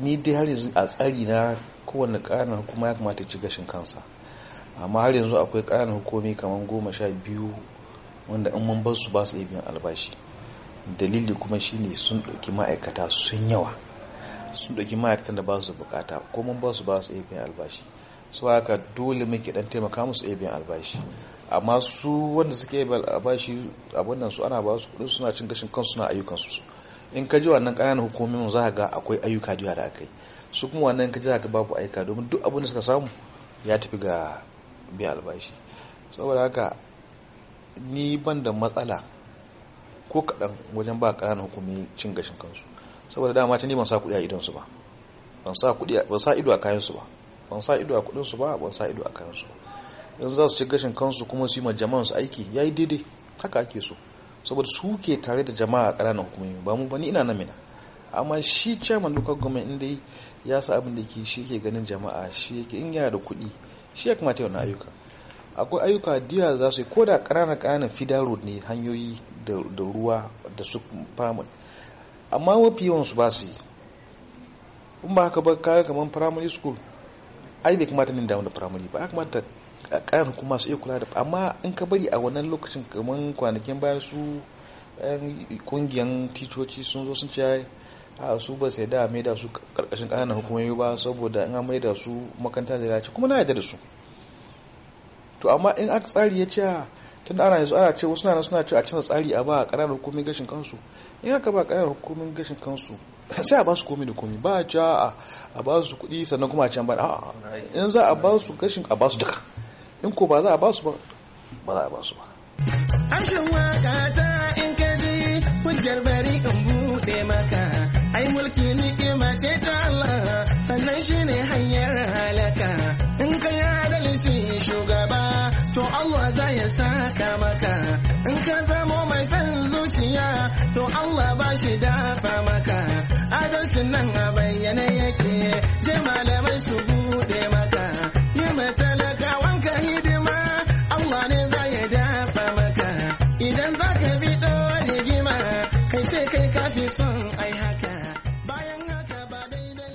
ni dai har yanzu a tsari na kowane ƙananan hukuma ya kamata ci gashin kansa amma har yanzu akwai ƙananan hukumi kamar goma sha biyu wanda in mun bar su ba iya biyan albashi dalili kuma shine sun ɗauki ma'aikata sun yawa sun ɗauki ma'aikatan da basu su bukata ko mun ba su ba iya biyan albashi su haka dole muke dan taimaka musu iya biyan albashi amma su wanda suke biyan albashi abin su ana ba su kuɗin suna cin gashin kansu suna ayyukansu in ka ji wannan ƙananan hukumomin za ga akwai ayyuka da da aka yi su kuma wannan ka ji za ka babu ayyuka domin duk abin da suka samu ya tafi ga biya albashi saboda haka ni ban da matsala ko kaɗan wajen ba ƙananan hukumi cin gashin kansu saboda dama ta ni ban sa kuɗi a idonsu ba ban sa ban sa ido a kayansu ba ban sa ido a kuɗinsu ba ban sa ido a kayansu in za su ci gashin kansu kuma su yi ma jama'ansu aiki ya yi daidai haka ake so saboda su ke tare da jama'a ƙananan hukumomi ba mu bani ina namina amma shi chairman local government inda ya sa abin da ke shi ke ganin jama'a shi yake in da kuɗi shi ya kamata yau na ayyuka akwai ayyuka diya za su yi ko da ƙananan ƙananan fida road ne hanyoyi da ruwa da su primary amma mafi yawan su ba su yi in ba haka ba kaga kamar primary school ai bai kamata nin damu da primary ba ya kamata ƙarar hukuma su iya kula da amma in ka bari a wannan lokacin kamar kwanakin bayan su kungiyan ticoci sun zo sun ce a su ba sai da da su karkashin kananan hukumomi ba saboda in an da su makaranta da ya ce kuma na yarda da su to amma in aka tsari ya ce tun ana yanzu ana ce wasu na suna ce a canza tsari a ba a ƙananan hukumin gashin kansu in aka ba ƙananan hukumin gashin kansu sai a ba su komi da komi ba a a ba su kuɗi sannan kuma a can ba in za a ba su gashin a ba su duka in ko ba za a ba su ba ba za a ba su ba amshin waka ta in ka ji hujjar bari in bude maka ai mulki ni'ima ce ta Allah sannan shine hanyar halaka in ka yi adalci shugaba to Allah za ya saka maka in ka zamo mai san zuciya to Allah ba shi dafa maka adalcin nan a kai sai kai kafi son ai